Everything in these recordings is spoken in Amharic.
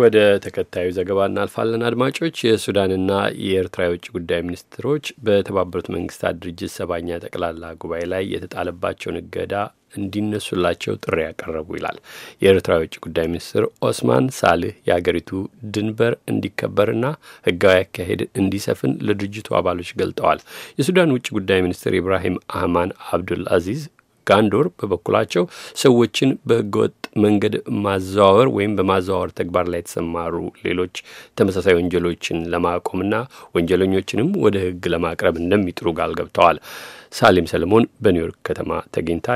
ወደ ተከታዩ ዘገባ እናልፋለን። አድማጮች የሱዳንና የኤርትራ የውጭ ጉዳይ ሚኒስትሮች በተባበሩት መንግስታት ድርጅት ሰባኛ ጠቅላላ ጉባኤ ላይ የተጣለባቸውን እገዳ እንዲነሱላቸው ጥሪ ያቀረቡ ይላል። የኤርትራ የውጭ ጉዳይ ሚኒስትር ኦስማን ሳልህ የአገሪቱ ድንበር እንዲከበርና ሕጋዊ አካሄድ እንዲሰፍን ለድርጅቱ አባሎች ገልጠዋል። የሱዳን ውጭ ጉዳይ ሚኒስትር ኢብራሂም አህማን አብዱል አዚዝ ጋንዶር በበኩላቸው ሰዎችን በህገወጥ መንገድ ማዘዋወር ወይም በማዘዋወር ተግባር ላይ የተሰማሩ ሌሎች ተመሳሳይ ወንጀሎችን ለማቆምና ወንጀለኞችንም ወደ ሕግ ለማቅረብ እንደሚጥሩ ቃል ገብተዋል። ሳሌም ሰለሞን በኒውዮርክ ከተማ ተገኝታ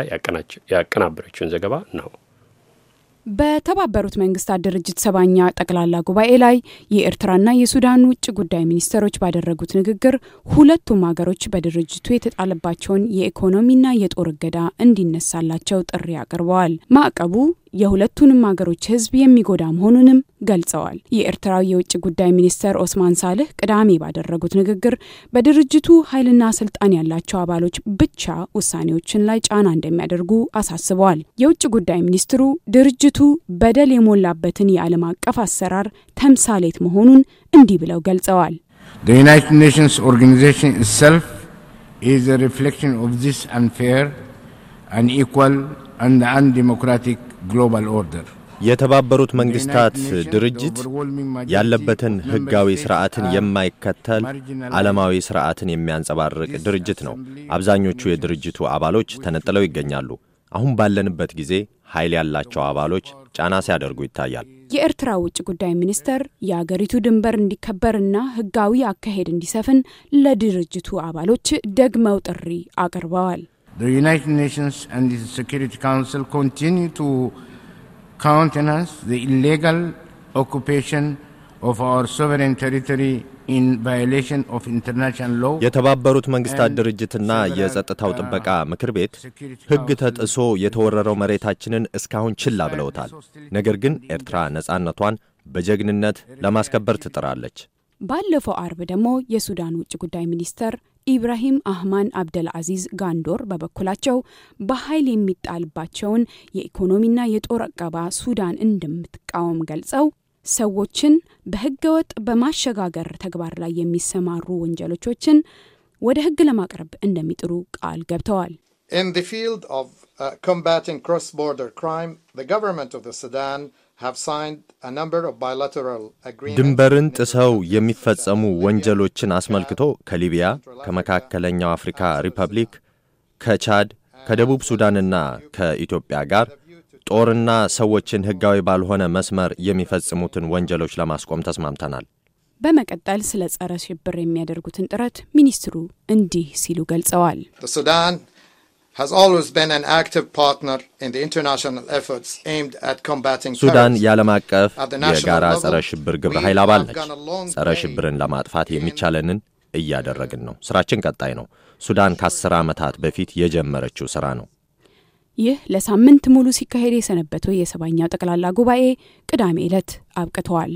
ያቀናበረችውን ዘገባ ነው። በተባበሩት መንግስታት ድርጅት ሰባኛ ጠቅላላ ጉባኤ ላይ የኤርትራና የሱዳን ውጭ ጉዳይ ሚኒስትሮች ባደረጉት ንግግር ሁለቱም ሀገሮች በድርጅቱ የተጣለባቸውን የኢኮኖሚና የጦር እገዳ እንዲነሳላቸው ጥሪ አቅርበዋል። ማዕቀቡ የሁለቱንም አገሮች ህዝብ የሚጎዳ መሆኑንም ገልጸዋል። የኤርትራው የውጭ ጉዳይ ሚኒስተር ኦስማን ሳልህ ቅዳሜ ባደረጉት ንግግር በድርጅቱ ኃይልና ስልጣን ያላቸው አባሎች ብቻ ውሳኔዎችን ላይ ጫና እንደሚያደርጉ አሳስበዋል። የውጭ ጉዳይ ሚኒስትሩ ድርጅቱ በደል የሞላበትን የዓለም አቀፍ አሰራር ተምሳሌት መሆኑን እንዲህ ብለው ገልጸዋል። ዩናይትድ ኔሽንስ ኦርጋናይዜሽን ኢትሰልፍ ኢዝ ሪፍሌክሽን ኦፍ ዚስ አንፌር አንኢኳል የተባበሩት መንግስታት ድርጅት ያለበትን ህጋዊ ስርዓትን የማይከተል ዓለማዊ ስርዓትን የሚያንጸባርቅ ድርጅት ነው። አብዛኞቹ የድርጅቱ አባሎች ተነጥለው ይገኛሉ። አሁን ባለንበት ጊዜ ኃይል ያላቸው አባሎች ጫና ሲያደርጉ ይታያል። የኤርትራ ውጭ ጉዳይ ሚኒስተር የአገሪቱ ድንበር እንዲከበርና ህጋዊ አካሄድ እንዲሰፍን ለድርጅቱ አባሎች ደግመው ጥሪ አቅርበዋል። the United Nations and the Security Council continue to countenance the illegal occupation of our sovereign territory የተባበሩት መንግስታት ድርጅትና የጸጥታው uh, ጥበቃ ምክር ቤት ሕግ ተጥሶ የተወረረው መሬታችንን እስካሁን ችላ ብለውታል። ነገር ግን ኤርትራ ነጻነቷን በጀግንነት ለማስከበር ትጥራለች። ባለፈው አርብ ደግሞ የሱዳን ውጭ ጉዳይ ሚኒስተር ኢብራሂም አህማን አብደልአዚዝ ጋንዶር በበኩላቸው በኃይል የሚጣልባቸውን የኢኮኖሚና የጦር አቀባ ሱዳን እንደምትቃወም ገልጸው ሰዎችን በህገወጥ በማሸጋገር ተግባር ላይ የሚሰማሩ ወንጀሎቾችን ወደ ህግ ለማቅረብ እንደሚጥሩ ቃል ገብተዋል። In the field of uh, combating cross-border crime, the government of the Sudan ድንበርን ጥሰው የሚፈጸሙ ወንጀሎችን አስመልክቶ ከሊቢያ፣ ከመካከለኛው አፍሪካ ሪፐብሊክ፣ ከቻድ፣ ከደቡብ ሱዳንና ከኢትዮጵያ ጋር ጦርና ሰዎችን ሕጋዊ ባልሆነ መስመር የሚፈጽሙትን ወንጀሎች ለማስቆም ተስማምተናል። በመቀጠል ስለ ጸረ ሽብር የሚያደርጉትን ጥረት ሚኒስትሩ እንዲህ ሲሉ ገልጸዋል። ሱዳን ሱዳን የዓለም አቀፍ የጋራ ጸረ ሽብር ግብረ ኃይል አባል ነች። ጸረ ሽብርን ለማጥፋት የሚቻለንን እያደረግን ነው። ስራችን ቀጣይ ነው። ሱዳን ከአስር ዓመታት በፊት የጀመረችው ስራ ነው። ይህ ለሳምንት ሙሉ ሲካሄድ የሰነበተው የሰባኛው ጠቅላላ ጉባኤ ቅዳሜ ዕለት አብቅተዋል።